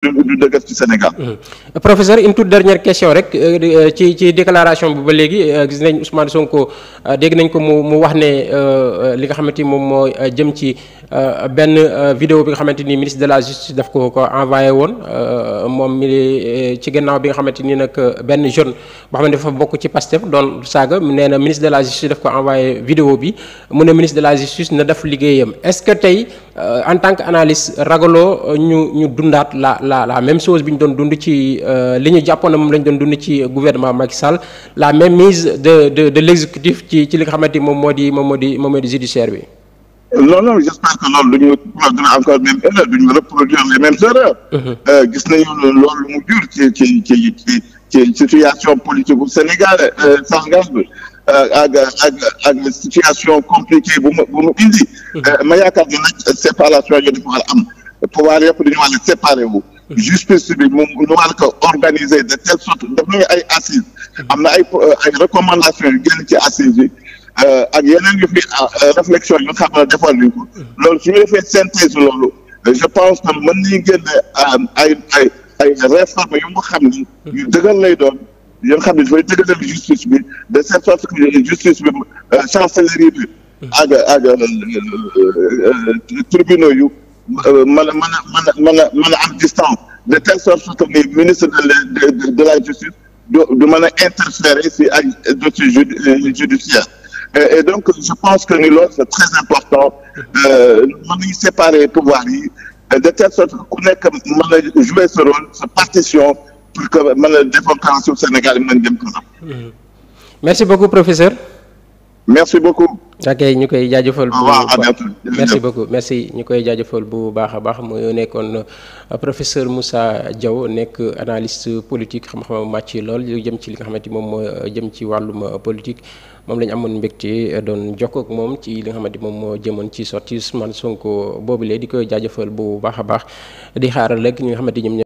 du dëgg ci professeur une toute dernière question rek euh, euh, ci ci déclaration bi ba léegi euh, gis nañ Ousmane Sonko dégg nañ ko mu mu wax ne li nga xamante ni moom mooy jëm ci benn vidéo bi nga xamante ni ministre de la justice daf ko ko envoyé woon moom mi ci gannaaw bi nga xamante ni nag benn jeune boo xam ne dafa bokk ci Pastef doon saaga nee na ministre de la justice daf ko envoyé vidéo bi mu ne ministre de la justice na def liggéeyam est-ce que tey. Euh, en tant que analyste ragaloo euh, ñu ñu dundaat la la la même chose bi ñu doon dund ci euh, li ñu jàppoon moom la ñu doon dund ci gouvernement Macky Sall la même mise de de de l'exécutif ci ci li nga xamante ni moom moo di moom moo di moom moo di judiciaire bi. non non j'espère que loolu du ñu dina encore même erreur du ñu reproduire les mêmes erreurs. Mm-hmm. gis nañu lu mu jur ci ci ci ci ci situation politique bu Sénégal bi. Euh, ak ak ak situation compliquée bu mu bu mu indi. Mhm. Euh, ma yaakaar ne nag séparation yooyu dafa war a am pouvoir yëpp dañu war a séparé wu. Mhm. justice bi ñu war ko organiser de telle sorte def nañu ay assises mhm. am na ay euh, ay recommandations yu génn ci assises yi ak yeneen yu fi réflexion yu xam ne defoon nañu ko loolu defee synthèse loolu je pense que mën nañu ay ay ay réformes yu mu xam ni yu dëgër lay doon. yi nga xam ne dafay dëgëral justice bi de cette sorte que justice bi euh, chancellerie bi ak ak euh, euh, tribunaux yu mën a mën a mën a mën a am distance de telle sorte que ni ministre de de la justice du du mën a interférer si ak dossier judiciaire et donc je pense que ni loolu c'est très important mën nañu séparer pouvoir yi de telle sorte que ku nekk mën a jouer ce rôle sa partition pour que mën a déportation Sénégal yi mën dem hmm. merci beaucoup professeur. merci beaucoup. ok ñu koy jaajëfal. bu merci beaucoup merci ñu koy jaajëfal bu baax a baax mu nekkoon euh, professeur Moussa Diaw nekk analyste politique xam-xam màcc lool lu jëm ci li nga xamante ni moom moo euh, jëm ci wàllum euh, politique. moom la amoon amoon ci doon jokkoo ak moom ci li nga xamante moom moo jëmoon ci sorti man Sonko boobu lee di koy jaajëfal bu baax a baax di xaaral rek ñi nga xamante ñoom.